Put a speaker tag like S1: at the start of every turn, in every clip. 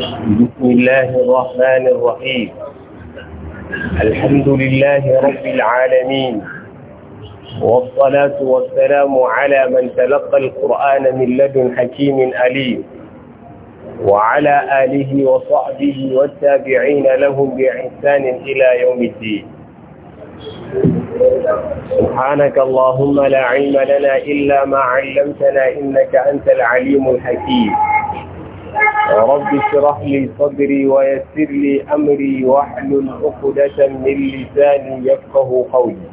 S1: بسم الله الرحمن الرحيم الحمد لله رب العالمين والصلاة والسلام على من تلقى القرآن من لدن حكيم أليم وعلى آله وصحبه والتابعين لهم بإحسان إلى يوم الدين سبحانك اللهم لا علم لنا إلا ما علمتنا إنك أنت العليم الحكيم
S2: رب اشرح
S1: لي صدري ويسر لي امري واحلل عقدة من لساني يفقه قولي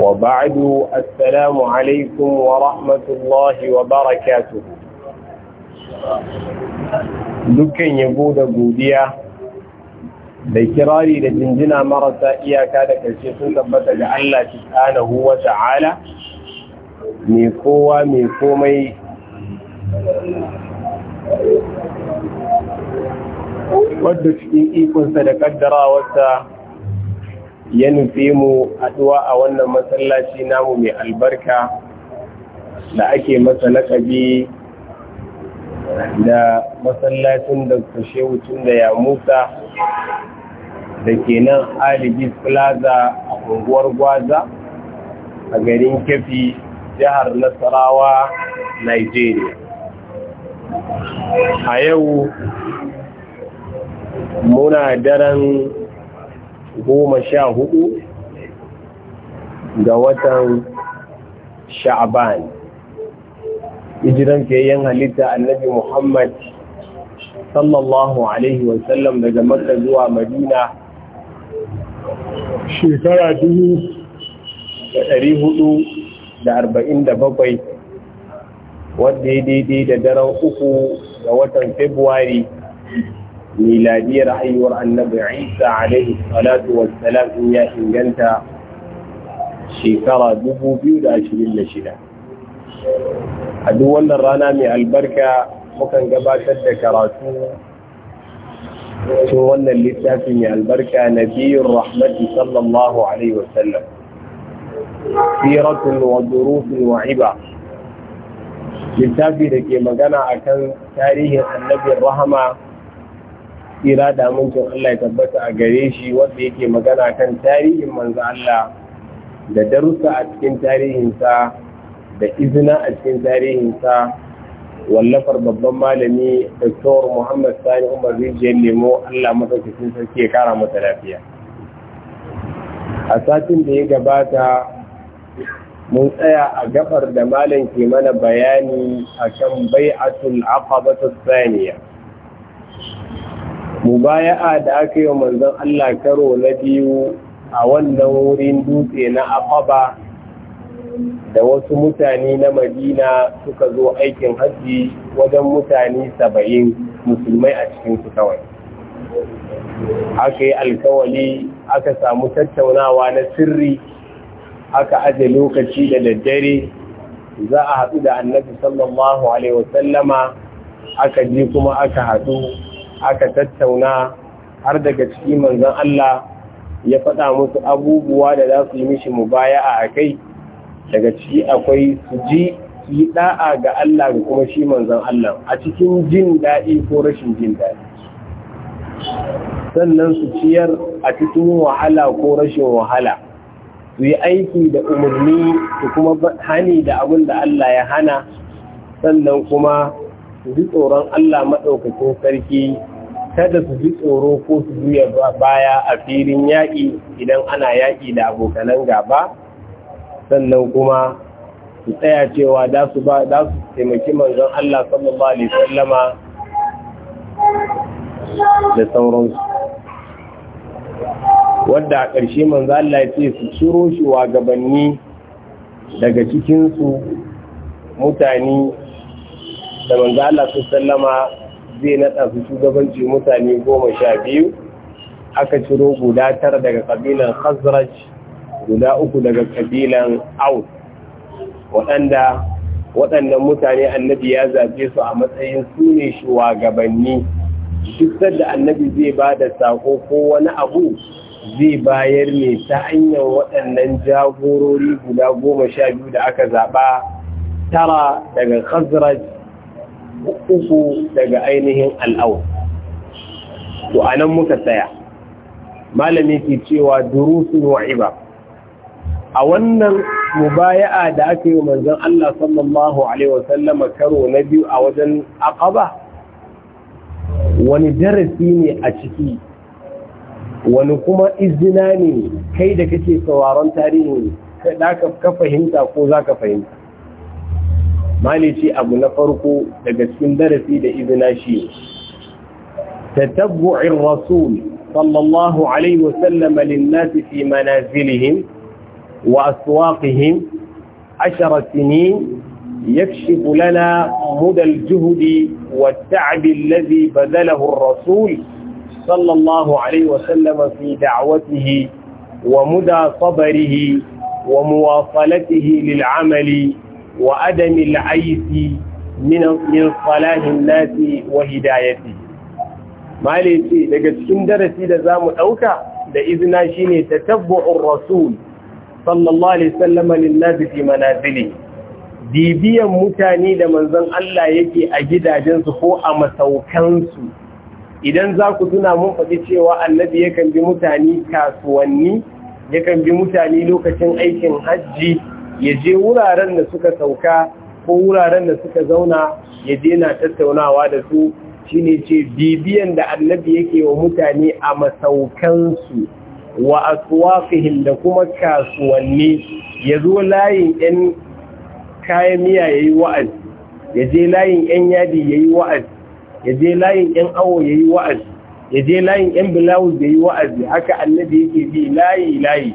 S1: وبعد السلام عليكم ورحمة الله وبركاته دكين يبود قوديا بكراري لجنجنا مرسا إيا كادك الشيخ ثبت لعل سبحانه وتعالى ميقوة ميقومي wadda cikin ikonsa da kaddarawarsa ya nufi mu haɗuwa a wannan masallaci namu mai albarka da ake masa lakabi da masallacin da shehu tun da ya musa da ke nan alibis plaza a unguwar gwaza a garin kefi jihar nasarawa nigeria a yau muna daren goma sha hudu ga watan sha'aban ijiran fiyayyen halitta annabi muhammad sallallahu alaihi wasallam daga makka zuwa madina
S2: shekara dubu
S1: da hudu da arba'in da bakwai wadda ya daidai da daren uku ga watan Februari miladiyar haihuwar annabi Isa alaihi salatu wassalam in ya inganta shekara 2026. A duk wannan rana mai albarka mukan gabatar da karatu cikin wannan littafi mai albarka na biyun rahmatu sallallahu alaihi wasallam. Siratun wa durufin wa iba. littafi da ke magana a kan tarihin annabin rahama tsira da amincin Allah ya tabbata a gare shi wanda yake magana kan tarihin manzo Allah da darussa a cikin tarihinsa da izina a cikin tarihinsa wallafar babban malami Dr. Muhammad Sani Umar Rijiyar Lemo Allah masaukakin sarki ya kara masa lafiya. A satin da ya gabata mun tsaya a gabar da malam ke mana bayani akan bai'atul aqabatu thaniya mubaya'a da aka yi wa manzon Allah karo na biyu a wannan wurin dutse na Aqaba da wasu mutane na Madina suka zo aikin haji wajen mutane saba'in musulmai a cikin su kawai aka yi alkawali aka samu tattaunawa na sirri aka aje lokaci da daddare za a haɗu da annabi sallallahu alaihi wasallama aka ji kuma aka haɗu aka tattauna har daga ciki manzon Allah ya faɗa musu abubuwa da za su yi mishi mubaya'a a kai daga ciki akwai su ji yi da'a ga Allah da kuma shi manzon Allah a cikin jin daɗi ko rashin jin daɗi sannan su ciyar a cikin wahala ko rashin wahala su yi aiki da umarni su kuma hani da abin da Allah ya hana sannan kuma su ji tsoron Allah maɗaukacin sarki kada su ji tsoro ko su juya baya a filin yaƙi idan ana yaƙi da abokanan gaba sannan kuma su tsaya cewa za su taimaki manzon Allah sallallahu Alaihi
S2: da sauransu
S1: wadda a ƙarshe manzo Allah ya ce su ciro shi wa gabanni daga cikinsu mutane da manzo Allah su sallama zai naɗa su shugabanci mutane goma sha biyu aka ciro guda tara daga ƙabilan khazraj guda uku daga ƙabilan aus waɗanda waɗannan mutane annabi ya zaɓe su a matsayin su ne shugabanni duk sadda annabi zai ba da sako ko wani abu zai bayar ne ta hanyar waɗannan jagorori guda goma sha biyu da aka zaɓa tara daga khazraj uku daga ainihin al'au to a nan muka tsaya malami ke cewa durusun wa'iba a wannan mubaya'a da aka yi manzon Allah sallallahu alaihi wasallama karo na biyu a wajen aqaba wani darasi ne a ciki wani kuma izina ne kai da kake sauraron tarihi ne ka fahimta ko za ka fahimta malici abu na farko daga cikin darasi da izina shi tatabbu'in rasul sallallahu alaihi wa wasallam linnasi fi manazilihim wa aswaqihim ashara sinin يكشف لنا مدى الجهد والتعب الذي بذله الرسول صلى الله عليه وسلم في دعوته ومدى صبره ومواصلته للعمل وأدم العيث من من صلاح الناس وهدايته maleci daga cikin darasi da mu ɗauka, da izina shine tatabbu'ur rasul sallallahu alaihi wasallam lin-nas fi manazili bibiyan mutane da manzon Allah yake a gidajensu ko a masaukansu idan za ku tuna mun faɗi cewa annabi yakan bi mutane kasuwanni yakan bi mutane lokacin aikin hajji ya je wuraren da suka sauka ko wuraren da suka zauna ya je na tattaunawa da su shi ne ce bibiyan da annabi yake wa mutane a masaukansu wa aswafihim da kuma kasuwanni ya zo layin 'yan kayan miya ya yi wa'azi ya je layin 'yan yadi ya yi wa'azi ya je layin yan awo ya yi wa'azi ya je layin yan bilawus da yi wa'azi haka annabi yake bi layi layi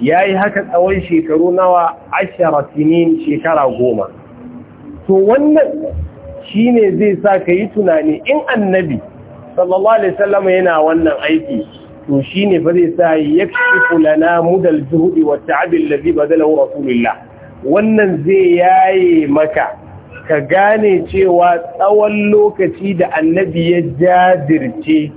S1: ya yi haka tsawon shekaru nawa ashara sinin shekara goma to wannan shi ne zai sa ka yi tunani in annabi sallallahu alaihi sallama yana wannan aiki to shi ne fa zai sa ya kashifu kulana mudal zuhudi wa ta'abin rasulullah wannan zai yaye maka ka gane cewa tsawon lokaci da annabi ya jajirce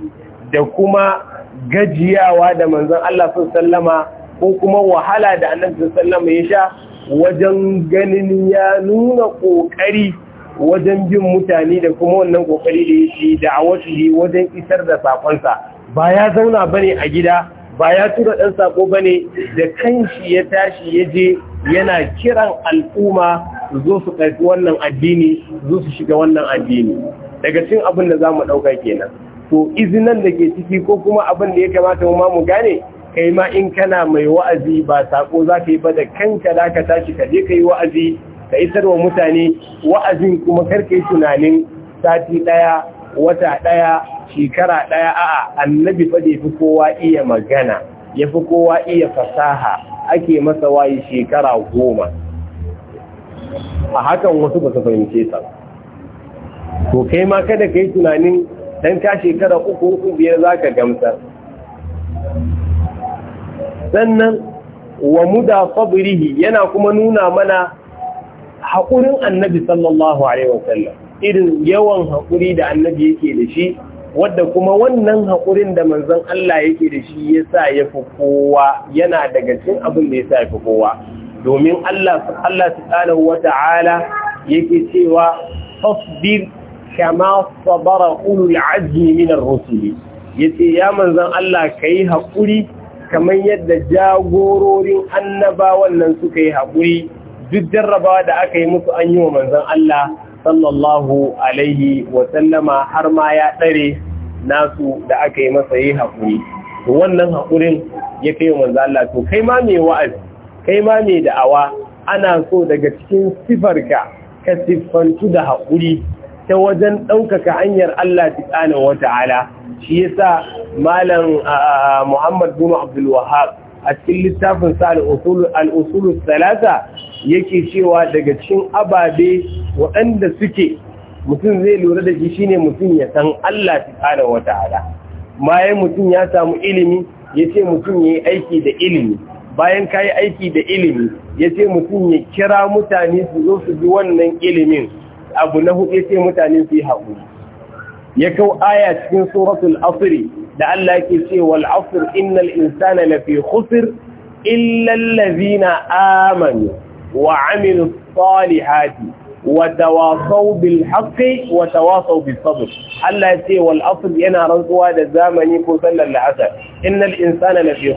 S1: da kuma gajiyawa da manzon Allah sallama ko kuma wahala da annabi sallama ya sha wajen ganin ya nuna ƙoƙari wajen bin mutane da kuma wannan ƙoƙari da ya ce da a wajen isar da saƙonsa ba ya zauna bane a gida ba ya tura ɗan saƙo bane da kanshi ya tashi ya je yana kiran al'umma su zo su ɗauki wannan addini zo su shiga wannan addini daga cin abin da za mu ɗauka kenan to izinan da ke ciki ko kuma abin da ya kamata mu ma mu gane kai ma in kana mai wa'azi ba sako za ka yi ba da kanka da ka tashi ka je ka yi wa'azi ka isar wa mutane wa'azin kuma kar yi tunanin sati ɗaya wata ɗaya shekara ɗaya a'a annabi fa da fi kowa iya magana ya fi kowa iya fasaha ake masa wayi shekara goma a hakan wasu ba su fahimce ta to kai ma kada ka yi tunanin dan ka shekara uku uku biyar za ka gamsar sannan wa muda sabrihi yana kuma nuna mana haƙurin annabi sallallahu alaihi wasallam irin yawan haƙuri da annabi yake da shi wadda kuma wannan haƙurin da manzon Allah yake da shi ya sa ya fi kowa yana daga cin abin da ya sa ya fi kowa domin Allah Allah subhanahu wata'ala yake cewa fasbir kama sabara ulul azmi min ar-rusul yace ya manzon Allah kai hakuri kamar yadda jagororin annabawan nan suka yi hakuri duk jarrabawa da aka yi musu an yi wa manzon Allah sallallahu alaihi wa sallama har ma ya ɗare nasu da aka yi masa yi hakuri to wannan hakurin ya kai manzon Allah to kai ma me wa'azi kai ma mai da'awa ana so daga cikin sifarka ka siffantu da haƙuri ta wajen ɗaukaka hanyar Allah subhanahu wata'ala shi ya yasa malam Muhammad buhari Abdul wahab a cikin littafin sa al salasa yake cewa daga cikin ababe waɗanda suke mutum zai lura da shi shine mutum ya san Allah subhanahu wata'ala ya mutum ya samu ilimi ya ce mutum ya yi aiki da ilimi bayan ka yi aiki da ilimi ya ce mutum ya kira mutane su zo su bi wannan ilimin abu na hudu ya ce mutane su yi haƙuri ya kau aya cikin suratul asiri da Allah yake ce wal asr innal insana lafi khusr illa allazina amanu wa amilus salihati wa tawasau bil haqqi wa tawasau Allah ya ce wal yana rantsuwa da zamani ko sallar la'asar innal insana lafi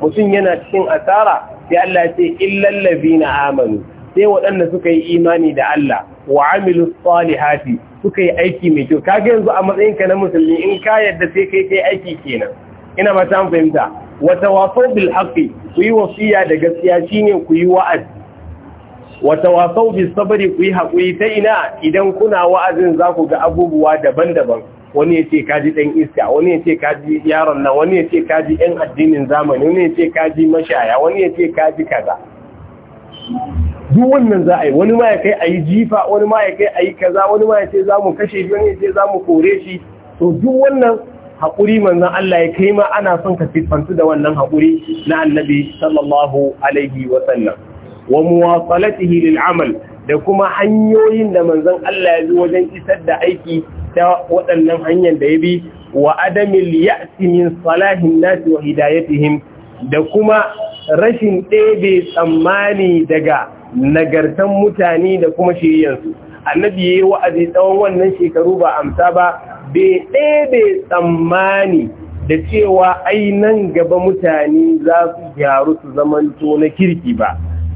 S1: mutum yana cikin asara sai Allah ya ce illal amanu sai waɗanda suka yi imani da Allah wa amilu salihati suka yi aiki mai kyau ga yanzu a matsayinka na musulmi in ka yadda sai kai kai aiki kenan ina ba ta fahimta wata waso bil haqqi ku yi wasiya da gaskiya shine ku yi wa'azi wata wasau bi sabari ku yi haƙuri ta ina idan kuna wa'azin za ku ga abubuwa daban-daban wani ya ce kaji ɗan iska wani ya ce kaji yaron nan wani ya ce kaji 'yan addinin zamani wani ya ce kaji mashaya wani ya ce kaji kaza duk wannan za a yi wani ma ya kai a yi jifa wani ma ya kai a yi kaza wani ma ya ce za mu kashe shi wani ya ce za mu kore shi to duk wannan haƙuri manzan Allah ya kai ma ana son ka siffantu da wannan haƙuri na annabi sallallahu alaihi wasallam wa muwasalatihi lil amal da kuma hanyoyin da manzon Allah ya bi wajen isar da aiki ta waɗannan hanyar da ya bi wa adamil ya'si min salahin nas wa hidayatihim da kuma rashin ɗebe tsammani daga nagartan mutane da kuma shiryansu annabi yayi wa'azi tsawon wannan shekaru ba amsa ba bai ɗebe tsammani da cewa ai nan gaba mutane za su gyaru su zamanto na kirki ba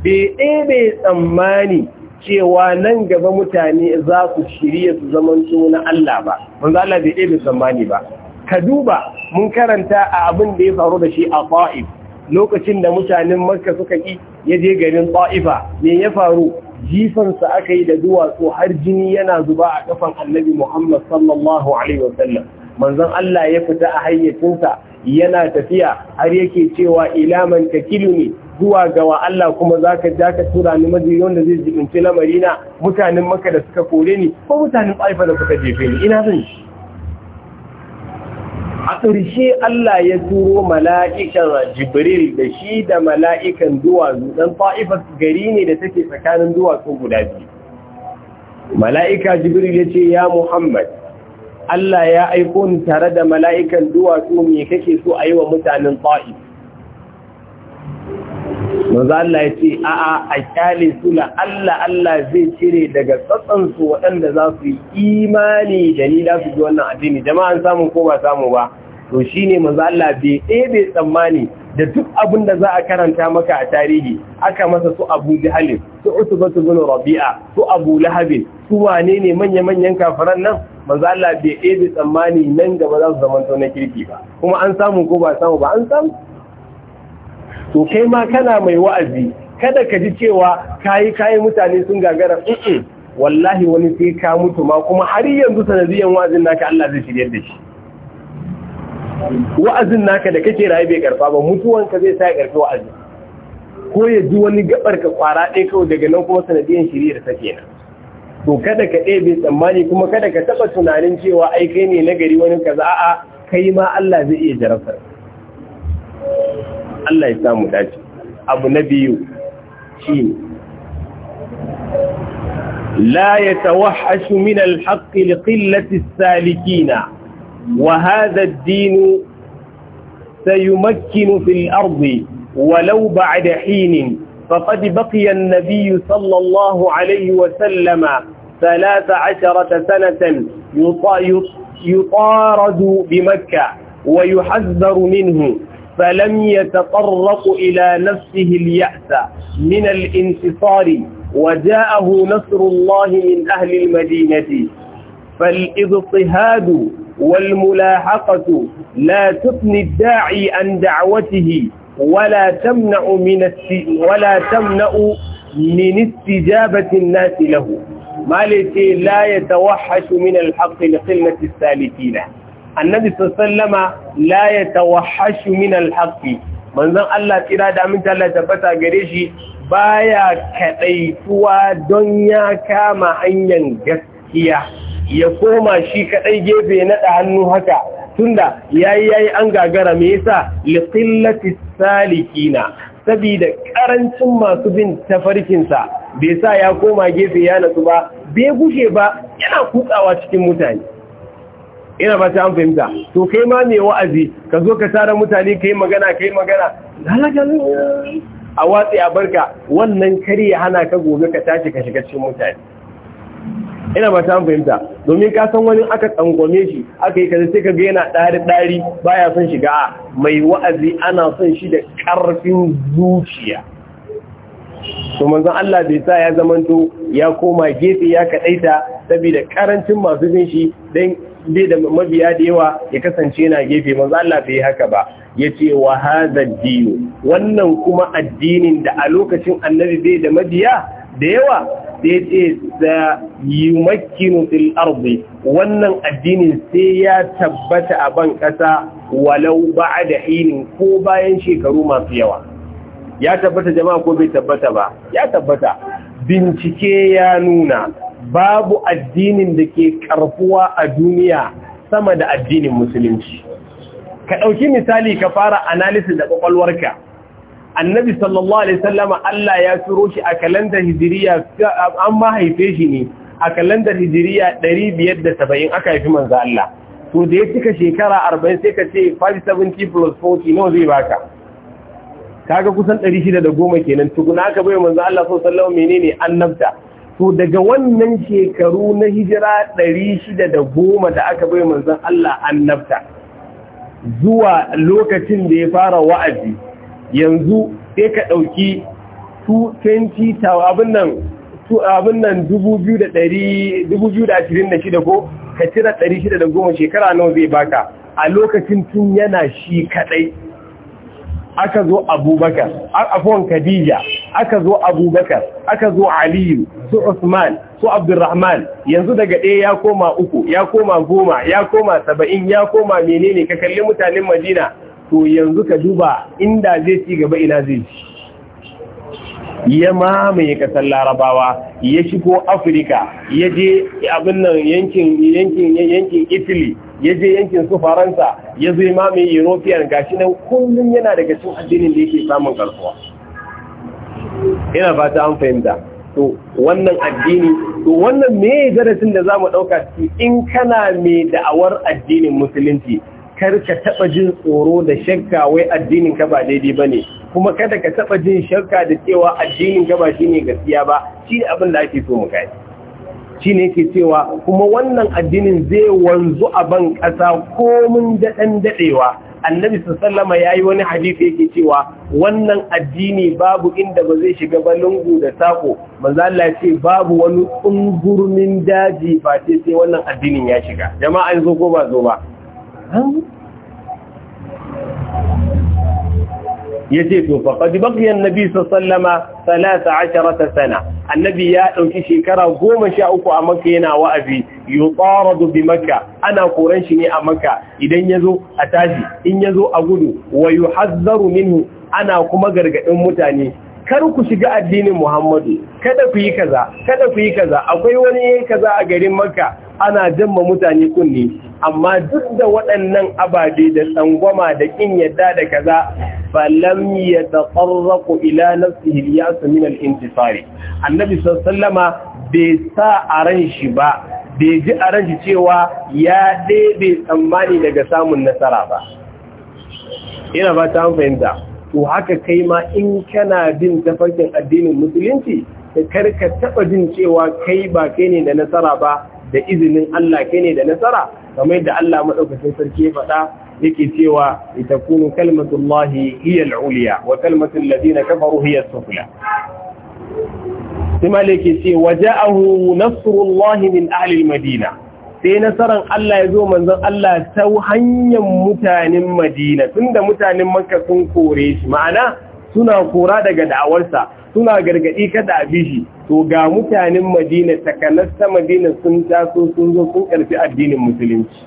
S1: bai ɗebe tsammani cewa nan gaba mutane za ku shirya su zaman na Allah ba, manzo Allah bai tsammani ba. Ka duba mun karanta a abin da ya faru da shi a Ta'if lokacin da mutanen Makka suka ƙi ya je garin Ta'ifa me ya faru jifansa aka yi da duwatsu har jini yana zuba a kafan Annabi Muhammad sallallahu alaihi wasallam. Manzon Allah ya fita a hayyacinsa yana tafiya har yake cewa ila man ne zuwa ga wa Allah kuma za ka ja ka tura ni maji wanda zai jibinci lamarina mutanen maka da suka kore ni ko mutanen ƙaifa da suka jefe ni ina zan shi a ƙarshe Allah ya turo mala'ikan jibril da shi da mala'ikan duwatsu don ƙa'ifa gari ne da take tsakanin duwatsu guda biyu mala'ika jibril ya ce ya muhammad Allah ya aiko ni tare da mala'ikan duwatsu me kake so a yi wa mutanen fa'if manzo Allah ya ce a'a a kyale su la Allah Allah zai cire daga tsatsan su waɗanda za su yi imani da ni da su ji wannan addini jama'an samun ko ba samu ba to shine manzo Allah bai tsammani da duk abin da za a karanta maka a tarihi aka masa su Abu Jahl su Utbah ibn Rabi'a su Abu Lahab su wane ne manya-manyan kafiran nan manzo Allah bai tsammani nan gaba za su zamanto na kirki ba kuma an samu ko ba samu ba an samu to kai ma kana mai wa'azi kada ka ji cewa kayi kayan mutane sun gagara mm wallahi wani sai ka mutu ma kuma har yanzu sanadiyan wa'azin naka Allah zai shirye da shi wa'azin naka da kake rayu bai karfa ba mutuwan ka zai sa ya karfi wa'azi ko ya ji wani gabar ka kwara ɗaya kawai daga nan kuma sanadiyan shirye ta kenan to kada ka ɗaya bai tsammani kuma kada ka taɓa tunanin cewa ai ne na gari wani kaza a'a kai ma Allah zai iya jarabtar Allah ya samu dace abu na biyu shine la yatawahhashu min al-haqq li qillati as-salikina wa hadha ad-din سيمكن في الأرض ولو بعد حين فقد بقي النبي صلى الله عليه وسلم ثلاث عشرة سنة يطارد بمكة ويحذر منه فلم يتطرق إلى نفسه اليأس من الانتصار وجاءه نصر الله من أهل المدينة فالاضطهاد والملاحقة لا تثني الداعي عن دعوته ولا تمنع من ولا تمنع من استجابة الناس له ما لا يتوحش من الحق لقلة السالكين annabi sallama la yatawahhashu min alhaqi manzon Allah tsira da aminta Allah tabbata gare shi baya kadaituwa don ya kama hanyar gaskiya ya koma shi kadai gefe na hannu haka tunda ya yi an gagara me yasa liqillati salikina saboda ƙarancin masu bin tafarkinsa bai sa ya koma gefe ya nasu ba bai gushe ba yana kutsawa cikin mutane ina ba ta an fahimta to kai ma mai wa'azi ka zo ka tara mutane kai magana kai magana a watsi a barka wannan kar ya hana ka gobe ka tashi ka shiga cikin mutane ina ba ta fahimta domin ka san wani aka tsangwame shi aka yi kaza sai ka ga yana ɗari ɗari baya son shiga mai wa'azi ana son shi da ƙarfin zuciya to manzon Allah bai sa ya zamanto ya koma gefe ya kaɗaita saboda ƙarancin masu bin shi dan bai da mabiya da yawa ya kasance yana gefe manzo Allah bai haka ba ya wa hadha din wannan kuma addinin da a lokacin annabi bai da mabiya da yawa da yace da yumakkinu fil ardi wannan addinin sai ya tabbata a ban kasa walau ba'da hinin ko bayan shekaru masu yawa ya tabbata jama'a ko bai tabbata ba ya tabbata bincike ya nuna babu addinin da ke karfuwa a duniya sama da addinin musulunci ka ɗauki misali ka fara analisi da ƙwaƙwalwarka annabi sallallahu alaihi sallama Allah ya turo shi a kalandar hijiriya an mahaife shi ne a kalandar hijiriya 570 aka haifi manzo Allah to da ya cika shekara 40 sai ka ce 570 plus 40 nawa zai baka kaga kusan 610 kenan tukuna aka bai manzo Allah sallallahu alaihi sallama menene annabta to daga wannan shekaru na hijira ɗari shida da goma da aka bai manzan Allah annabta zuwa lokacin da ya fara wa'azi yanzu sai ka ɗauki 2020 abin nan 2026 ko ka cira 610 shekara nawa zai baka a lokacin tun yana shi kadai aka zo abubakar afon khadija aka zo abubakar aka zo aliyu su usman su abdurrahman yanzu daga ɗaya ya koma uku ya koma goma ya koma saba'in ya koma menene ka kalli mutanen madina to yanzu ka duba inda zai ci gaba ina zai ci ya mamaye kasar larabawa ya shigo afirka ya je abin nan yankin yankin yankin italy ya je yankin su faransa ya zo mamaye european shi nan kullum yana daga cin addinin da yake samun karfuwa ina fata an fahimta to wannan addini to wannan me darasin da za mu ɗauka ciki in kana mai da'awar addinin musulunci kar ka taɓa jin tsoro da shakka wai addinin ka ba daidai ba ne. kuma kada ka taɓa jin shakka da cewa addinin ka ba ne gaskiya ba shi abin da ake so mu kai shine yake cewa kuma wannan addinin zai wanzu a ban ƙasa komin daɗan daɗewa annabi sallama ya yi wani hadisi yake cewa wannan addini babu inda ba zai shiga ba da sako manzo ce babu wani ungurmin daji face sai wannan addinin ya shiga jama'a yanzu ko ba zo ba yace to faqad baqiya annabi sallama 13 sana annabi ya dauki shekara 13 a makka yana wa'azi yutaradu bi makka ana koran shi ne a makka idan yazo a tashi in yazo a gudu wa yuhazzaru minhu ana kuma gargadin mutane kar ku shiga addinin Muhammadu kada ku yi kaza kada ku yi kaza akwai wani kaza a garin Makka ana jamma mutane kunne. amma duk da waɗannan ababe da tsangwama da kin yadda da kaza falam ya taqarraqu ila nafsihi al-yas min al-intisari annabi sallama bai sa a ran shi ba bai ji a ran shi cewa ya debe tsammani daga samun nasara ba ina ba ta fahimta to haka kai ma in kana bin tafarkin addinin musulunci da karka taba jin cewa kai ba kai ne da nasara ba da izinin Allah ke ne da nasara kamar yadda Allah maɗaukacin sarki ya faɗa yake cewa kunu kalmatullahi hiya al-ulya wa kalmatul ladina kafaru hiya as-sufla sai malaki ce waja'ahu nasrullahi min ahli madina sai nasaran Allah ya zo manzon Allah ta hanyar mutanen Madina tunda mutanen Makka sun kore shi ma'ana suna kora daga da'awarsa suna gargadi kada a bishi to ga mutanen madina takanasta madina sun taso sun zo sun karfi addinin musulunci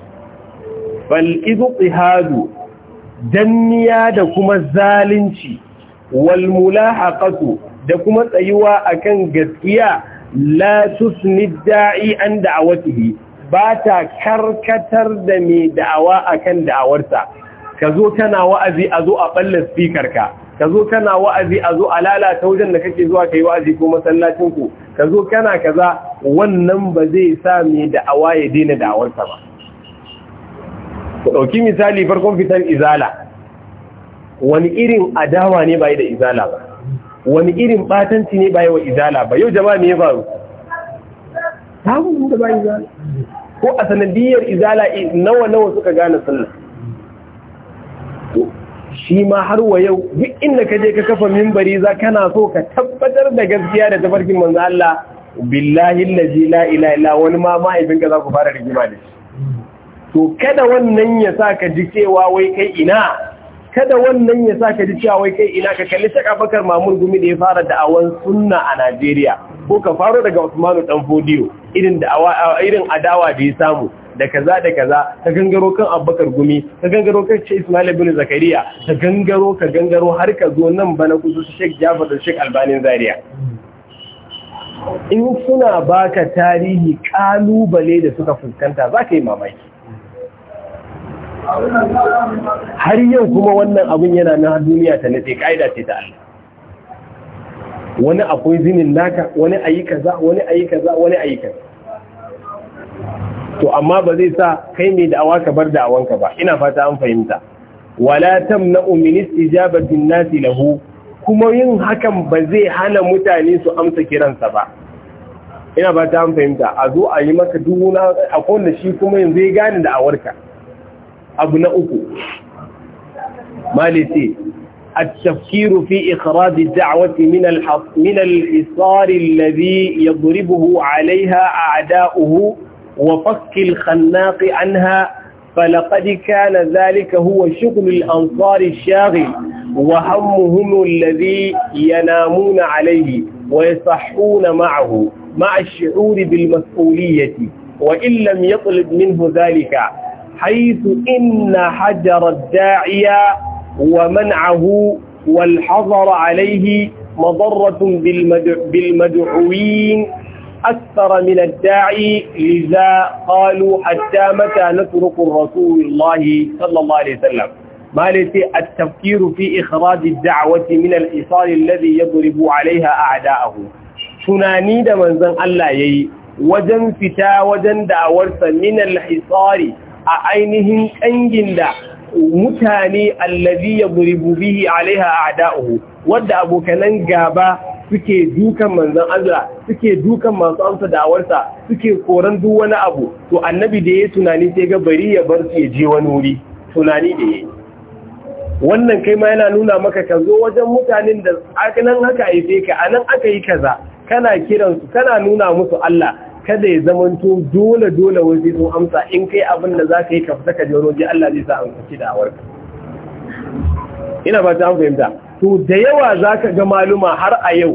S1: bal izqihadu danniya da kuma zalunci wal mulahaqatu da kuma tsayuwa akan gaskiya la tusnid da'i an da'awatihi ba ta karkatar da mai da'awa akan da'awarsa ka zo tana wa'azi a zo a ɓalla speaker ka ka zo kana wa'azi a zo a lalata wajen da kake zuwa ka yi wa'azi ko masallacin ku ka zo kana kaza wannan ba zai sa mai da'awa ya daina da'awarsa ba ku ɗauki misali farkon fitan izala wani irin adawa ne ba da izala ba wani irin batanci ne ba wa izala ba yau jama'a ne ya faru da ba izala ko a sanadiyar izala eh, nawa nawa suka gane sunna shi ma har wa yau duk inda ka je ka kafa mimbari za kana so ka tabbatar da gaskiya da tafarkin manzo Allah billahi allazi la ilaha wani ma Mahaifinka ka za ku fara rigima da shi to kada wannan ya sa ka ji cewa wai kai ina kada wannan ya sa ka ji cewa wai kai ina ka kalli shaka bakar mamun gumi da ya fara da'awan sunna a Najeriya ko ka faro daga Usmanu dan Fodiyo irin irin adawa da ya samu da kaza da kaza ka gangaro kan Abubakar Gumi ka gangaro kan Sheikh Ismail bin Zakariya ka gangaro ka gangaro har ka zo nan bana kusu Sheikh Jafar da Sheikh Albani Zaria in suna baka tarihi kalubale da suka fuskanta zaka yi mamaki
S2: har
S1: yau kuma wannan abin yana na duniya ta nace kaida ce ta Allah wani akwai zinin naka wani ayi kaza wani ayi kaza wani ayi kaza to amma ba zai sa kai mai da'awa ka bar da'awanka ba ina fata an fahimta wala tamna'u min istijabatin nasi lahu kuma yin hakan ba zai hana mutane su amsa kiransa ba ina fata an fahimta a zo a yi maka duhuna a kowanne shi kuma yanzu ya gane da awarka abu na uku malisi التفكير في إخراج الدعوة من من الحصار الذي يضربه عليها أعداؤه وفك الخناق عنها فلقد كان ذلك هو شغل الأنصار الشاغل وهمهم الذي ينامون عليه ويصحون معه مع الشعور بالمسؤولية وإن لم يطلب منه ذلك حيث إن حجر الداعية ومنعه والحظر عليه مضرة بالمدعوين أكثر من الداعي لذا قالوا حتى متى نترك رسول الله صلى الله عليه وسلم ما التفكير في إخراج الدعوة من الإصال الذي يضرب عليها أعداءه tunani da manzon Allah ya فتا wajen fita من الحصار a ainihin ƙangin da mutane allazi ya buribu bihi alaiha a da'uhu wadda abokanan gaba suke dukan manzan Allah suke dukan masu amsa da'awarsa suke koran duk wani abu to annabi da ya tunani sai ga bari ya bar su ya je wani wuri tunani da ya wannan kai ma yana nuna maka ka zo wajen mutanen da nan haka aife ka anan aka yi kaza kana kiransu kana nuna musu Allah kada ya zamanto dole dole wai sai sun amsa in kai abin da za ka yi ka fita ka jero ji Allah zai sa an kaci da awarka ina ba ta an fahimta to da yawa za ka ga maluma har a yau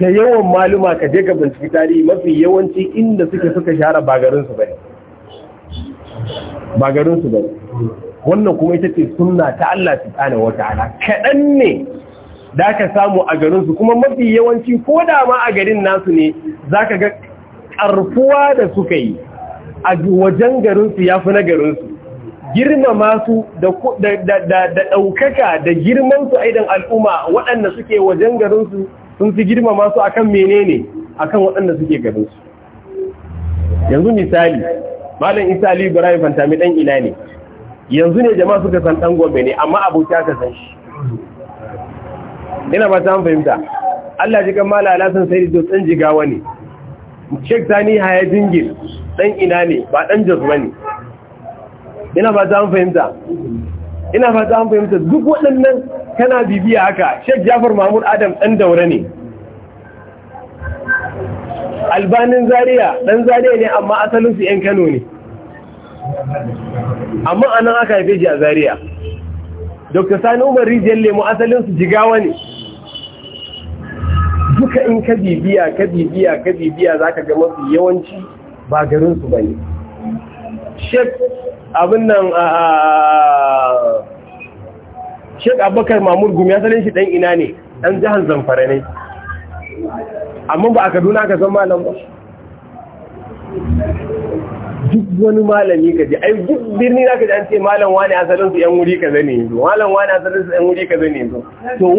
S1: da yawan maluma ka je ka binciki tarihi mafi yawanci inda suke suka share bagarinsu bane ba garinsu ba wannan kuma ita ce sunna ta Allah subhanahu wata'ala kaɗan ne da ka samu a garinsu kuma mafi yawanci ko da ma a garin nasu ne za ka ga ƙarfuwa da suka yi a wajen garinsu ya fi na garinsu girmama su da ɗaukaka da girmansu aidan al'umma waɗanda suke wajen garinsu sun fi girmama su akan menene akan waɗanda suke garinsu yanzu misali malam isa ali ibrahim fantami ɗan ina ne yanzu ne jama'a suka san ɗan gombe ne amma abokiya ka san shi ina ba ta fahimta Allah ji kan mala alasan sai da tsan jigawa ne shek Sani Haya Jingil dan ina ne ba dan Jos bane ina ba ta fahimta ina ba ta fahimta duk waɗannan kana bibiya haka shek Jafar Mahmud Adam dan daure ne Albanin Zaria dan Zaria ne amma asalin su yan Kano ne amma anan aka haife shi a Zaria Dr. Sani Umar Rijiyar Lemo asalin su jigawa ne duka in ka bibiya ka bibiya ka bibiya za ka ga mafi yawanci ba garinsu su bane shek abin nan a shek abubakar mamur gumi ya sanin shi ɗan ina ne ɗan jihar zamfara ne amma ba a kaduna ka san malam ba duk wani malami ka ji ai duk birni za ka ji an ce malam wani asalin su yan wuri ka zane yanzu malam wani asalin su yan wuri ka zane yanzu to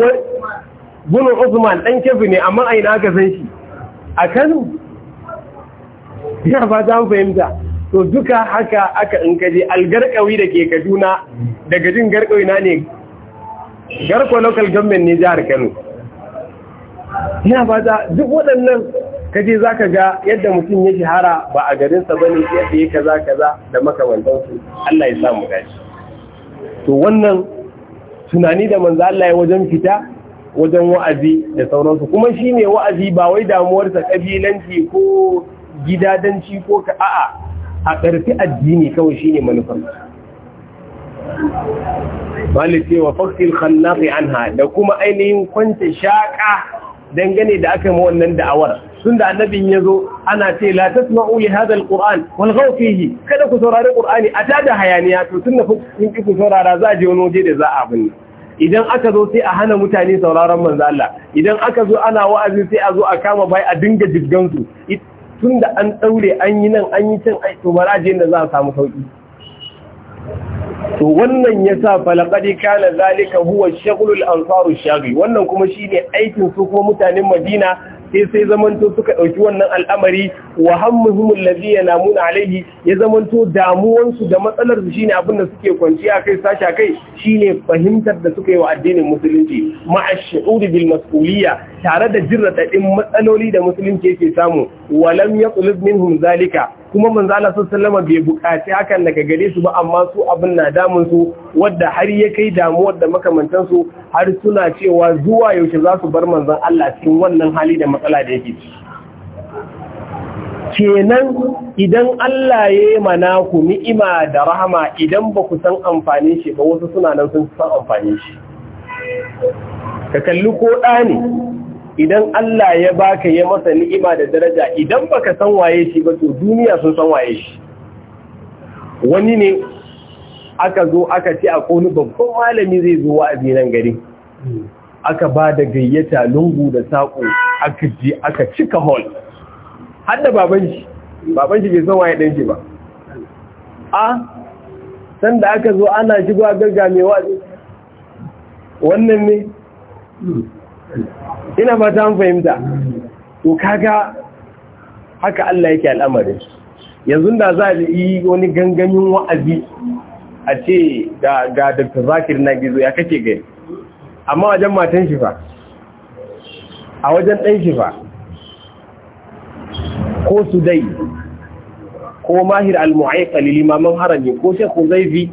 S1: gunu Usman ɗan kefi ne amma a aina aka san shi a Kano ya ba ta fahimta to duka haka aka in kaje algarkawi da ke Kaduna daga jin garkawi na ne garko local government ne jihar Kano ya ba ta duk waɗannan kaje ka ga yadda mutum ya shahara ba a garinsa ne yadda ya kaza kaza da makamantansu Allah ya samu gashi to wannan tunani da manzo Allah ya wajen fita wajen wa'azi da sauransu kuma shi ne wa'azi ba wai damuwarsa ƙabilanci ko gidadanci ko ka'a a ƙarfi addini kawai shi ne manufar ce wa faktil khannafi anha da kuma ainihin kwanta shaƙa dangane da aka yi wannan da'awar tun da annabin ya zo ana ce la tasma'u li hadha alquran wal fihi kada ku saurari ƙur'ani a tada hayaniya to tun da kun ku saurara za a je wani waje da za a binne idan aka zo sai a hana mutane sauraron manzo Allah idan aka zo ana wa'azi sai a zo a kama bai a dinga jiggan su tunda an daure an yi nan an yi cin ai to bara je inda za a samu sauki to wannan yasa falaqad kana zalika huwa shaghlul ansaru shaghi wannan kuma shine aikin su kuma mutanen Madina sai sai zamanto suka ɗauki wannan al'amari wa hammuhumul ladhi yanamuna alaihi ya zamanto damuwansu da matsalar su shine abin da suke kwanciya kai sasha kai shine fahimtar da suka yi wa addinin musulunci ma'a shu'uri bil mas'uliyya tare da jirra matsaloli da musulunci yake samu walam yaqlub minhum zalika kuma manzo Allah sallallahu alaihi bai bukaci hakan daga gare su ba amma su abin na damun su wanda har ya kai damuwar da makamantan su har suna cewa zuwa yaushe za su bar manzo Allah cikin wannan hali da matsala da yake kenan idan Allah ya yi mana ku ni'ima da rahama idan ba ku san amfani shi ba wasu suna nan sun san amfani shi ka kalli ko ɗa ne. idan Allah ya baka ya masa ni'ima da daraja idan baka san waye shi ba to duniya sun san waye shi wani ne aka zo aka ce a koni babban malami zai zo wa'azi nan gari aka ba da gayyata lungu da saƙo aka je aka cika hall har da baban shi baban shi bai san waye dan shi ba a san da aka zo ana shigo a gaggame wa'azi wannan ne ina fata ta fahimta to kaga haka Allah yake alamari yanzu da za a yi wani gangamin wa'azi a ce ga Dr. Zakir na gizo ya kake gani amma wajen matan shi fa a wajen ɗan shi fa ko su dai ko mahir al-mu'aiqa limaman harami ko zai zaifi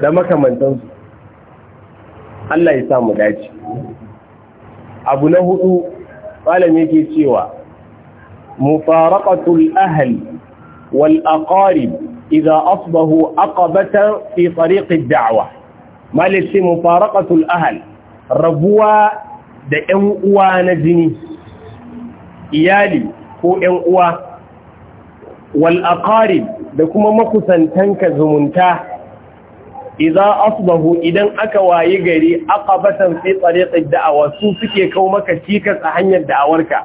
S1: da makamantansu Allah ya samu dace abu na hudu malam yake cewa mufaraqatul ahli wal aqarib idza asbahu aqabatan fi tariq ad-da'wa malisi mufaraqatul ahl rabuwa da 'yan uwa na jini iyali ko 'yan uwa wal aqarib da kuma makusantanka zumunta idza asbahu idan aka wayi gari aqabatan fi tariqid da'awa su suke kawo maka cikas a hanyar da'awarka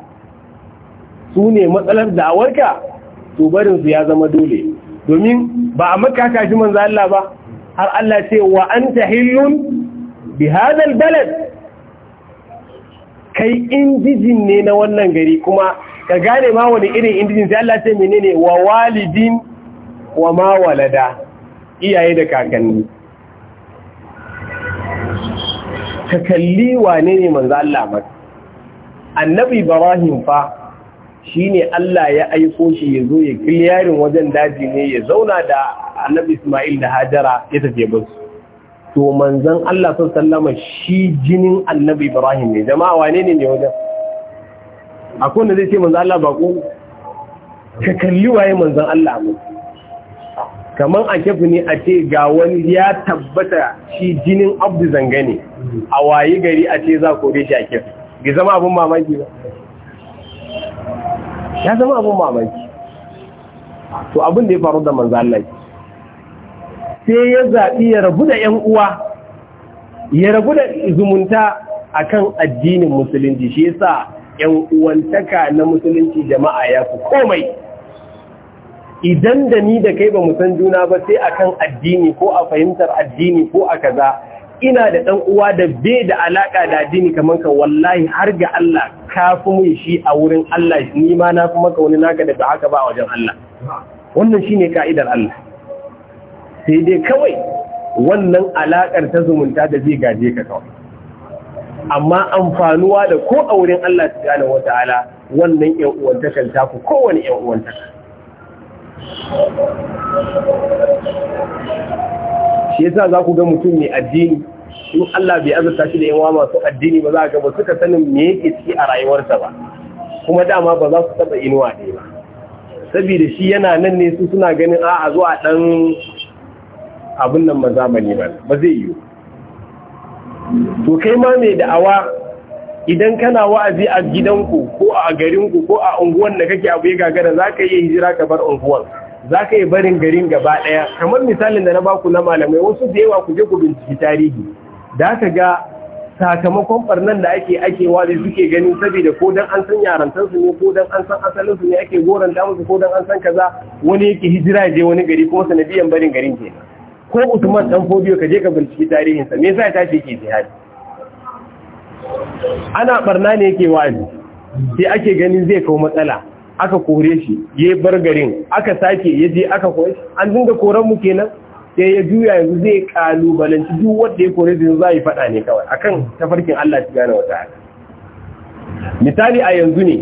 S1: su ne matsalar da'awarka to barin su ya zama dole domin ba a maka shi manzo Allah ba har Allah ce wa anta hillun bi hadha albalad kai indijin ne na wannan gari kuma ka gane ma wani irin indijin sai Allah ce menene wa walidin wa ma walada iyaye da kakanni ka kalli wane ne manzo Allah ba annabi Ibrahim fa shine Allah ya aiko shi ya zo ya kliyarin wajen daji ne ya zauna da annabi Ismail da Hajara ya tafi bin to manzon Allah sallallahu alaihi shi jinin annabi Ibrahim ne jama'a wane ne ne wajen akwai wanda zai ce manzo Allah bako ka kalli waye manzon Allah ba kamar a kefu ne a ce ga wani ya tabbata shi jinin abdu zangane a wayi gari a ce za kore shi a kefu ga zama abin mamaki ba ya zama abin mamaki to abin da ya faru da manzalai sai ya zaɓi ya rabu da ‘yan uwa ya rabu da zumunta a kan addinin musulunci shi sa ‘yan uwantaka na musulunci jama'a ya fi komai idan da ni da kai ba mu san juna ba sai akan addini ko a fahimtar addini ko a kaza ina da ɗan uwa da bai da alaka da addini kamar ka wallahi har ga Allah ka fi mun shi a wurin Allah ni ma na fi maka wani naka da haka ba a wajen Allah wannan shine ka'idar Allah sai dai kawai wannan alakar ta zumunta da zai gaje ka kawai amma amfanuwa da ko a wurin Allah subhanahu wataala wannan yan uwantakar ta fi shi yasa za ku ga mutum mai addini in Allah bai azurta shi da yawa masu addini ba za a ga ba suka sanin me yake ciki a rayuwarsa ba kuma dama ba za su taba inuwa ɗaya ba saboda shi yana nan ne su suna ganin a'a zuwa ɗan abin nan mazamani ba ba zai yiwu to kai ma mai da'awa idan kana wa'azi a gidanku ko a garinku ko a unguwan da kake abu ya gagara za ka iya hijira ka bar unguwan za ka yi barin garin gaba ɗaya kamar misalin da na baku na malamai wasu da yawa ku je ku binciki tarihi da ka ga sakamakon barnan da ake ake wazi suke ganin saboda ko dan an san yarantar ne ko dan an san asalin ne ake goranta musu ko dan an san kaza wani yake hijira je wani gari kuma sanadiyan barin garin ke ko Usman dan fobiyo ka je ka binciki tarihin sa me yasa ya tashi yake jihadi ana barna ne yake wa'azi sai ake ganin zai kawo matsala aka kore shi ya bar garin aka sake ya je aka kore an dinga koran mu kenan sai ya juya yanzu zai kalubalanci duk wanda ya kore zai zai faɗa ne kawai akan tafarkin Allah ta gane wata haka misali a yanzu ne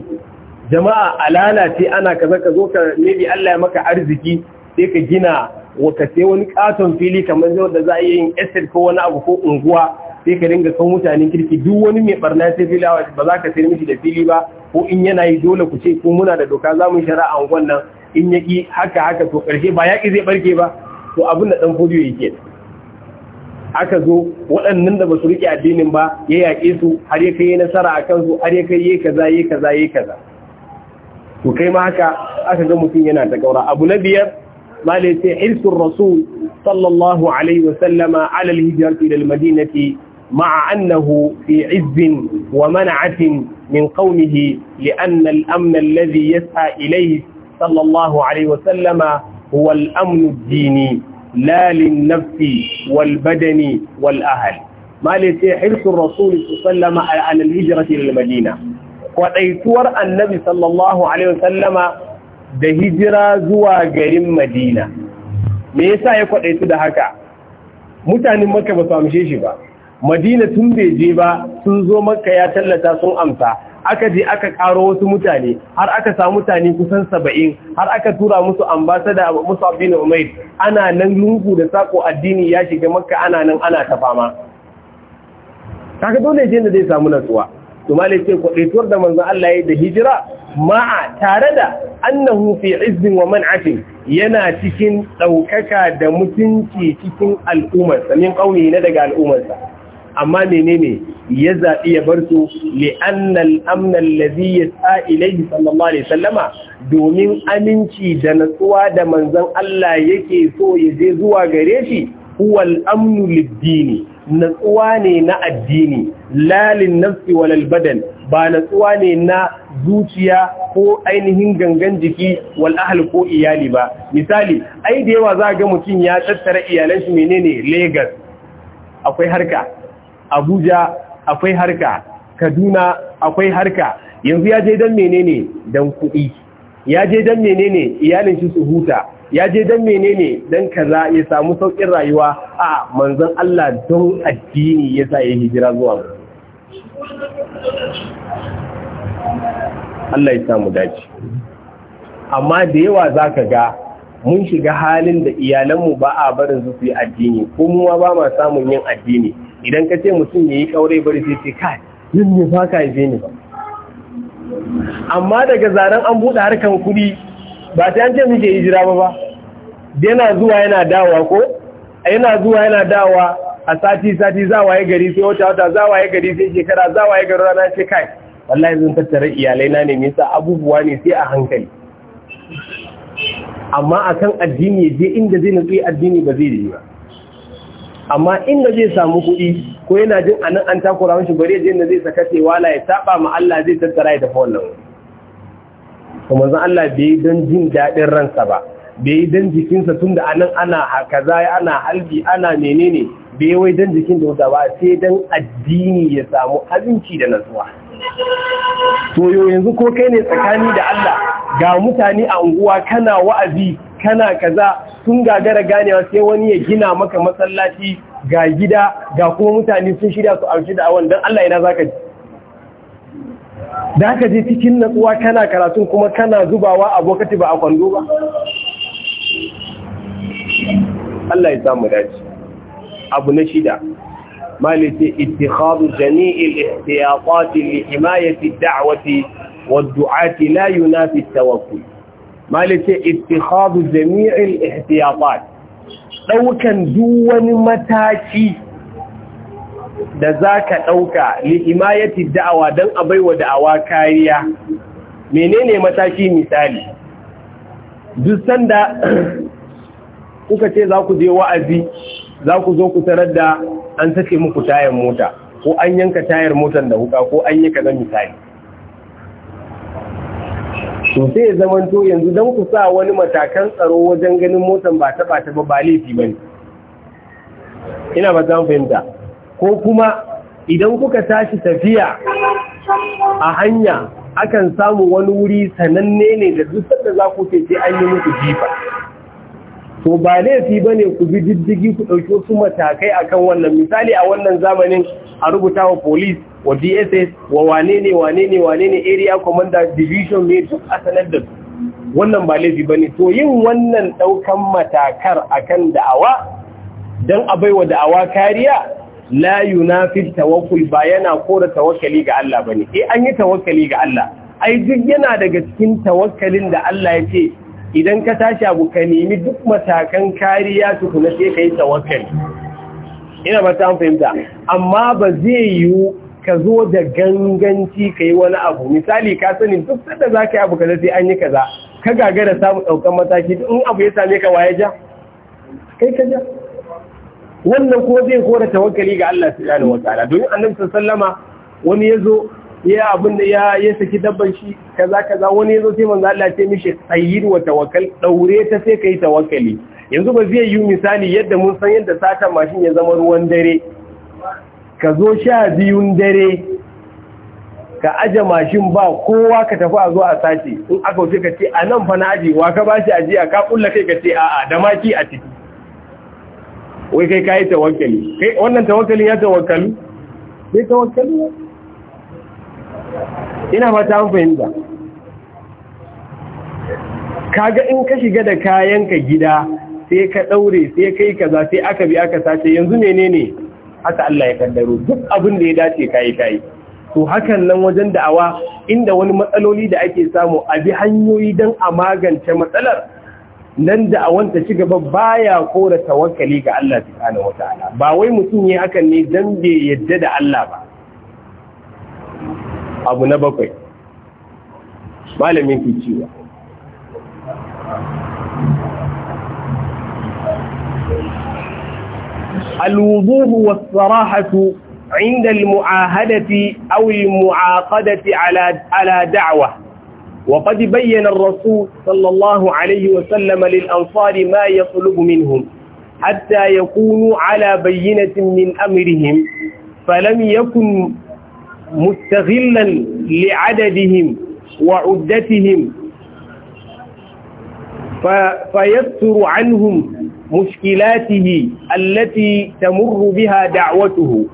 S1: jama'a alala ce ana kaza ka zo ka maybe Allah ya maka arziki sai ka gina wata sai wani katon fili kamar yadda za a yi yin estate ko wani abu ko unguwa sai ka dinga kan mutanen kirki duk wani mai barna sai filawa ba za ka sayar mishi da fili ba ko in yana yi dole ku ce ko muna da doka za mu shari'a wannan in ya ki haka haka to karshe ba yaƙi zai barke ba to abin da dan fodiyo yake aka zo waɗannan da ba su riƙe addinin ba ya yaƙe su har ya kai nasara a kansu har ya kai yi kaza ya kaza ya kaza to kai ma haka aka ga mutum yana ta kaura abu na biyar malai sai hirsun rasul sallallahu alaihi wasallama alal hijiyar ilal madinati مع أنه في عز ومنعة من قومه لأن الأمن الذي يسعى إليه صلى الله عليه وسلم هو الأمن الديني لا للنفس والبدن والأهل ما لتي حرص الرسول صلى الله عليه وسلم على الهجرة إلى المدينة وتيتور النبي صلى الله عليه وسلم دهجرة hijira المدينة garin Madina. يقول yasa ya kwaɗaitu da haka? بقى madina tun bai je ba sun zo makka ya tallata sun amsa aka je aka karo wasu mutane har aka samu mutane kusan saba'in har aka tura musu ambasada musu abin umair ana nan lungu da sako addini ya shiga makka ana nan ana ta fama kaga dole je da zai samu natsuwa to malai ce kwaɗaituwar da manzon Allah ya da hijira ma'a tare da annahu fi izzin wa man'atin yana cikin ɗaukaka da mutunci cikin al'ummar samin kauni na daga al'ummarsa amma menene ya zaɓi ya bar su li'annal amnal ladhi yas'a ilayhi sallallahu alaihi wasallama domin aminci da natsuwa da manzon Allah yake so ya je zuwa gare shi huwal amnu lid-dini natsuwa ne na addini lalin nafsi wal badan ba natsuwa ne na zuciya ko ainihin gangan jiki wal ahli ko iyali ba misali ai da yawa za ga mutum ya tattara iyalan shi menene Lagos akwai harka abuja akwai harka kaduna akwai harka yanzu ya je don menene don kuɗi ya je don menene iyalin shi su huta ya je don menene don kaza ya samu sauƙin rayuwa a manzon Allah don addini ya sa ya hijira zuwa Allah ya samu daji. amma da yawa za ka ga mun shiga halin da iyalanmu ba a barin su su yi addini ko ba ma samun yin addini idan ka ce mutum ya yi kaure bari sai ce kai yin ne ba ka haife ni ba amma daga zaren an buɗe harkan kuɗi ba ta yance muke hijira ba ba yana zuwa yana dawa ko yana zuwa yana dawa a sati sati za waye gari sai wata wata za waye gari sai shekara za waye gari rana ce kai wallahi zan tattara iyalai na ne me yasa abubuwa ne sai a hankali amma akan addini je inda zai nutsi addini ba zai yi ba amma inda zai samu kuɗi ko yana jin anan an takura mashi bari ya je inda zai saka wala ya saba ma Allah zai tattara ya tafi wannan kuma zan Allah bai dan jin daɗin ransa ba bai don jikinsa tun da anan ana kaza ana halbi ana menene bai wai don jikin da ba sai dan addini ya samu abinci da natsuwa to yanzu ko kai ne tsakani da Allah ga mutane a unguwa kana wa'azi kana kaza sun gagara ganewa sai wani ya gina maka masallaci ga gida ga kuma mutane sun shirya su auki da awon don Allah ina ka ji da haka je cikin natsuwa kana karatun kuma kana zubawa a bokati ba a kwando ba Allah ya samu dace abu na shida malite ittikhadu jami'il ya li himayati ad-da'wati wad-du'ati la yunafi at-tawakkul malice istikhadu jami'il ihtiyatat daukan duk wani mataki da zaka dauka li himayati da'awa dan abaiwa da'awa kariya menene mataki misali duk sanda kuka ce za ku je wa'azi za ku zo ku tarar da an sake muku tayar mota ko an yanka tayar motar da huka ko an yi kaza misali Sosai sai ya zama to yanzu don ku sa wani matakan tsaro wajen ganin motan ba ta ɓata ba ba laifi ba ina ba zan fahimta ko kuma idan kuka tashi tafiya a hanya akan samu wani wuri sananne ne da duk sanda za ku ce an yi muku jifa to ba laifi ba ne ku bi diddigi ku ɗauki wasu matakai akan wannan misali a wannan zamanin a rubuta wa police wa dss wa wane ne wane area commander division ne duk a sanar da su wannan ba laifi ba ne to yin wannan ɗaukan matakar akan da'awa don a wa da'awa kariya la yunafil tawakul ba yana kora tawakkali ga Allah ba ne. eh an yi tawakkali ga Allah ai duk yana daga cikin tawakkalin da Allah ya ce idan ka tashi abu ka nemi duk matakan kariya tukuna sai kai tawakkali ina ba ta fahimta amma ba zai yiwu ka zo da ganganci ka yi wani abu misali ka sani duk sanda za ka yi abu kaza sai an yi kaza ka gagara samun ɗaukan mataki in abu ya same ka waye ja kai ka ja wannan ko zai kora tawakkali ga Allah wata ala. domin annabi sallama wani zo ya abin da ya ya saki dabban shi kaza kaza wani yazo sai manzo Allah ce mishi sayyid wa tawakkal daure ta sai kai tawakkali yanzu ba zai yi misali yadda mun san yadda satan mashin ya zama ruwan dare ka zo sha biyun dare ka aje mashin ba kowa ka tafi a zo a sace in aka wuce ka ce a nan fa na aji wa ka bashi a ka kulla kai ka ce a da maki a ciki wai kai kayi tawakkali kai wannan tawakkali ya tawakkalu sai tawakkali ne ina fata an fahimta kaga in ka shiga da kayanka gida sai ka daure sai kai kaza sai aka bi aka sace yanzu menene ne haka Allah ya kaddaro duk abin da ya dace kai kai to hakan nan wajen da'awa inda wani matsaloli da ake samu a bi hanyoyi don a magance matsalar nan da'awan ta ci gaba baya kora tawakkali ga Allah subhanahu wataala ba wai mutum ne hakan ne dan bai yadda da Allah ba abu na bakwai malamin cewa الوضوح والصراحة عند المعاهدة أو المعاقدة على على دعوة وقد بين الرسول صلى الله عليه وسلم للأنصار ما يطلب منهم حتى يكونوا على بينة من أمرهم فلم يكن مستغلا لعددهم وعدتهم فيستر عنهم مشكلاته التي تمر بها دعوته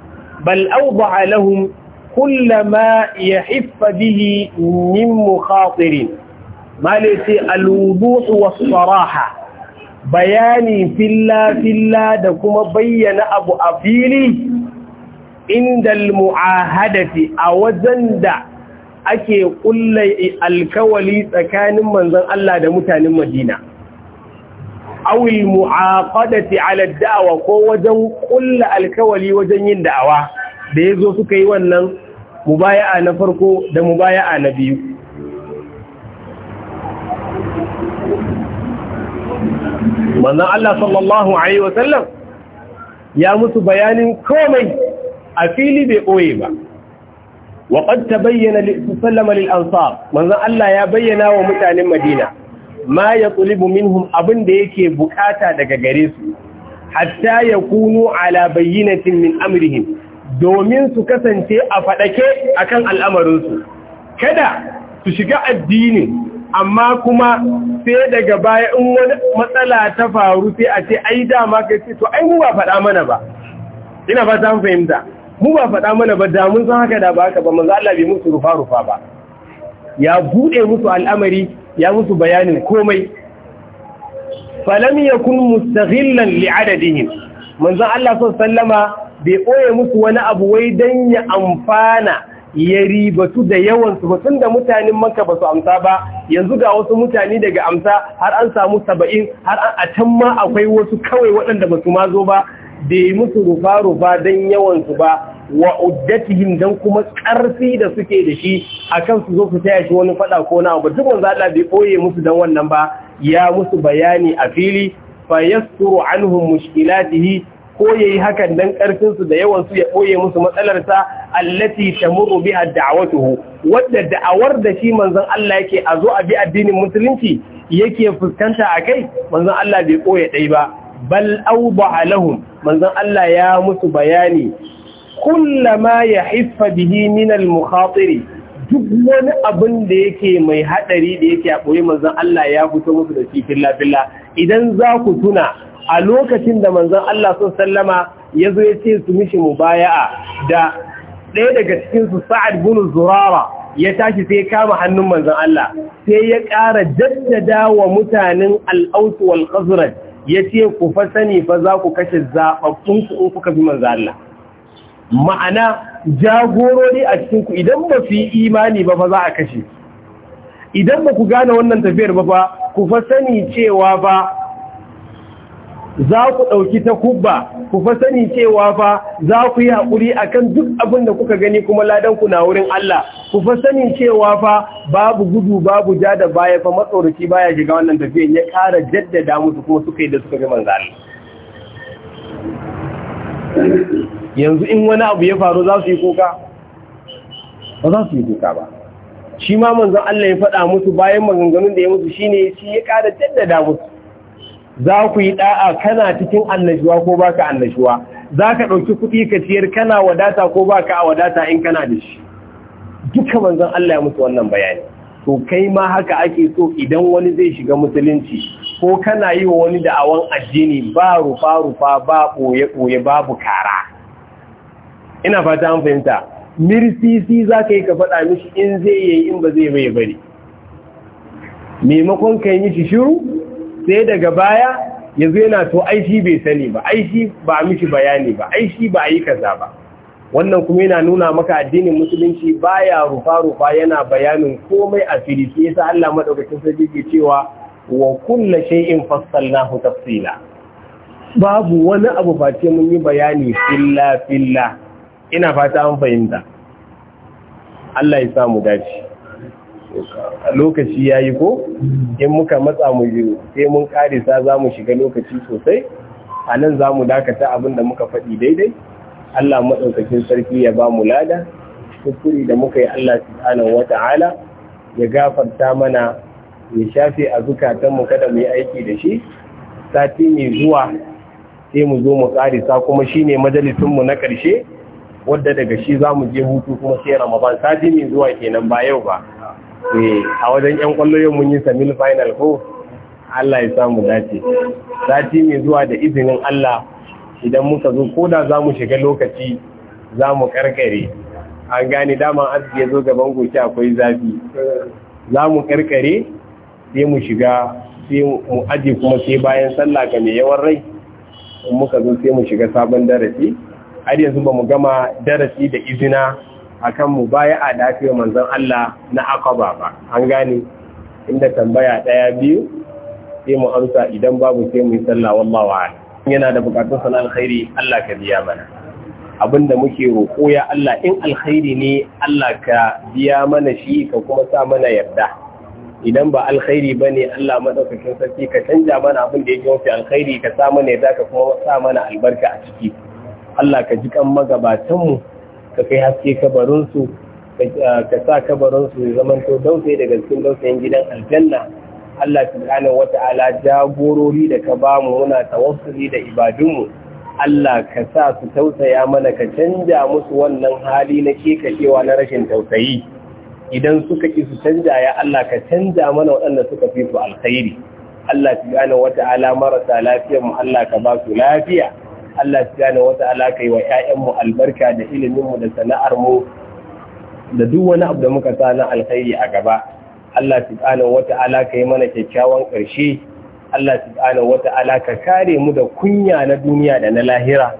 S1: بل أوضح لهم كل ما يحف به من مخاطر ما ليس الوضوح والصراحة bayani filla-filla da kuma bayyana abu a fili inda mu'ahadati a wajen da ake kulle alkawali tsakanin manzon Allah da mutanen Madina. awil mu'aqadati ala da'wa ko wajen kulla alkawali wajen yin da'awa da yazo suka yi wannan mubaya'a na farko da mubaya'a na biyu manzon Allah sallallahu alaihi sallam ya mutu bayanin komai a fili bai koye ba sallama lil ansar للأنصار Allah ya bayyana wa mutanen Madina ma ya tsulibu minhum abin da yake bukata daga gare su hatta ya kunu ala bayyinatin min amrihim domin su kasance a fadake akan al'amarinsu kada su shiga addini amma kuma sai daga baya in wani matsala ta faru sai a ce ai dama kai ce to ai mu ba faɗa mana ba ina ba ta fahimta mu ba faɗa mana ba da mun san haka da ba haka ba manzo Allah bai musu rufa rufa ba ya buɗe musu al'amari ya musu bayanin komai falam yakun mustaghillan li'adadihim manzon Allah sallama bai ɓoye musu wani abu wai dan ya amfana ya ribatu da yawansu ba. tunda da mutanen Makka ba su amsa ba yanzu ga wasu mutane daga amsa har an samu saba'in har a can ma akwai wasu kawai waɗanda ba su ma zo ba bai musu rufa rufa dan yawan su ba wa uddatihim dan kuma karfi da suke da shi akan su zo su taya shi wani fada ko na ba duk wanda Allah bai koye musu dan wannan ba ya musu bayani a fili fa yasturu anhum mushkilatihi ko yayi hakan dan karfin su da yawan su ya koye musu matsalar sa allati tamuru biha da'watuhu wadda da'awar da shi manzon Allah yake a zo a bi addinin musulunci yake fuskanta a akai manzon Allah bai koye dai ba bal awdaha lahum manzon Allah ya musu bayani kullama ya haifa bihi minal mukhatiri duk wani abin da yake mai hadari da yake a koyi manzon Allah ya fito musu da shi filla idan za ku tuna a lokacin da manzon Allah sallama ya zo ya ce su mishi mubaya'a da ɗaya daga cikin su Sa'ad bin Zurara ya tashi sai ya kama hannun manzon Allah sai ya ƙara jaddada wa mutanen al-Aus wal ya ce ku fa sani fa za ku kashe zaɓaɓɓunku in kuka bi manzon Allah ma'ana jagorori a cikin ku idan ba su imani ba fa za a kashe idan ba ku gane wannan tafiyar ba fa ku fa sani cewa ba za ku ɗauki ta kubba ku fa sani cewa fa za ku yi haƙuri akan duk abin da kuka gani kuma ladan ku na wurin Allah ku fa sani cewa fa babu gudu babu ja da baya fa matsoraci baya shiga wannan tafiyar ya ƙara jaddada musu kuma suka yi da suka ga manzali. yanzu in wani abu ya faru za su yi kuka ba za su yi kuka ba shi ma manzon Allah ya faɗa musu bayan maganganun da ya musu shine shi ya ƙara jaddada musu za ku yi da'a kana cikin annashuwa ko baka annashuwa za ka ɗauki kuɗi ka ciyar kana wadata ko baka a wadata in kana da shi duka manzon Allah ya musu wannan bayani to kai ma haka ake so idan wani zai shiga musulunci ko kana yi wa wani da'awan addini ba rufa rufa ba ɓoye ɓoye babu kara ina fata an fahimta mirsisi za ka yi ka faɗa mishi in zai yi in ba zai bai bari maimakon ka yi mishi shiru sai daga baya ya zo yana to aishi bai sani ba aishi ba a mishi bayani ba aishi ba a yi kaza ba wannan kuma yana nuna maka addinin musulunci baya rufa-rufa yana bayanin komai a fili sai yasa Allah madaukakin sarki ke cewa wa kullu shay'in fassalnahu tafsila babu wani abu face mun yi bayani filla filla ina fata an fahimta Allah ya samu dace lokaci ya ko in muka matsa mu yi sai mun karisa za mu shiga lokaci sosai a nan za mu dakata abin da muka faɗi daidai Allah maɗaukakin sarki ya ba mu lada kuskure da muka yi Allah subhanahu wata'ala ya gafarta mana ya shafe a mu kada mu yi aiki da shi sati mai zuwa sai mu zo mu karisa kuma shine mu na ƙarshe wadda daga shi za mu je hutu kuma sai ramadan sati ne zuwa kenan ba yau ba eh, a wajen yan kwallo mun yi samil final ko Allah ya samu dace sati mai zuwa da izinin Allah idan muka zo ko da za mu shiga lokaci za mu karkare an gane daman arziki ya zo gaban goshi akwai zafi za mu karkare sai mu shiga sai mu aje kuma sai bayan sallah ga mai yawan rai in muka zo sai mu shiga sabon darasi har yanzu ba mu gama darasi da izina a kan mu baya a lafiyar manzon Allah na akaba ba an gane inda tambaya ɗaya biyu sai mu amsa idan babu sai mu yi sallah wallawa yana da bukatun sana alkhairi Allah ka biya mana da muke roƙo ya Allah in alkhairi ne Allah ka biya mana shi ka kuma sa mana yarda idan ba alkhairi ba ne, Allah maɗaukakin sarki ka canja mana abin da yake mafi alkhairi ka sa mana yarda ka kuma sa mana albarka a ciki Allah ka ji kan magabatanmu ka kai haske kabarinsu ka ah, sa kabarinsu ya zama to dausayi daga cikin dausayin gidan aljanna Allah subhanahu wata'ala jagorori da ka bamu muna tawassuli da ibadunmu Allah ka sa su tausaya mana ka canja musu wannan hali na kekacewa na rashin tausayi idan suka ki su canja ya Allah ka canja mana waɗanda suka fi su alkhairi Allah subhanahu wata'ala marasa lafiyar mu Allah ka ba su lafiya Allah subhanahu ka kai wa ƴaƴanmu albarka da iliminmu da sana'ar mu da duk wani abu da muka sa na alkhairi a gaba Allah subhanahu wata'ala kai mana kyakkyawan ƙarshe Allah subhanahu wata ka kare mu da kunya na duniya da na lahira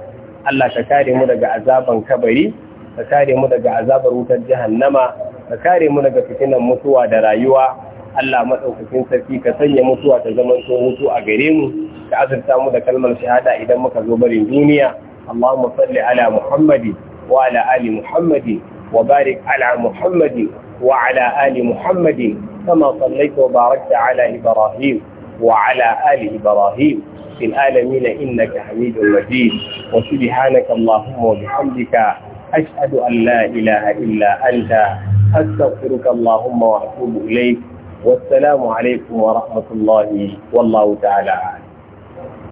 S1: Allah ka kare mu daga azaban kabari ka kare mu daga azabar wutar jahannama ka kare mu daga fitinan mutuwa da rayuwa Allah maɗaukakin sarki ka sanya mutuwa ta zamanto mutu a gare mu ka azurta mu da kalmar shahada idan muka zo barin duniya Allahumma salli ala Muhammadi wa ala ali Muhammadi wa barik ala Muhammadi wa ala ali Muhammadi kama sallaita wa barakta ala Ibrahim wa ala ali Ibrahim fil alamin innaka Hamidum Majid wa subhanaka Allahumma wa bihamdika ashhadu an la ilaha illa anta astaghfiruka Allahumma wa atubu ilayk والسلام عليكم ورحمة الله والله تعالى أعلم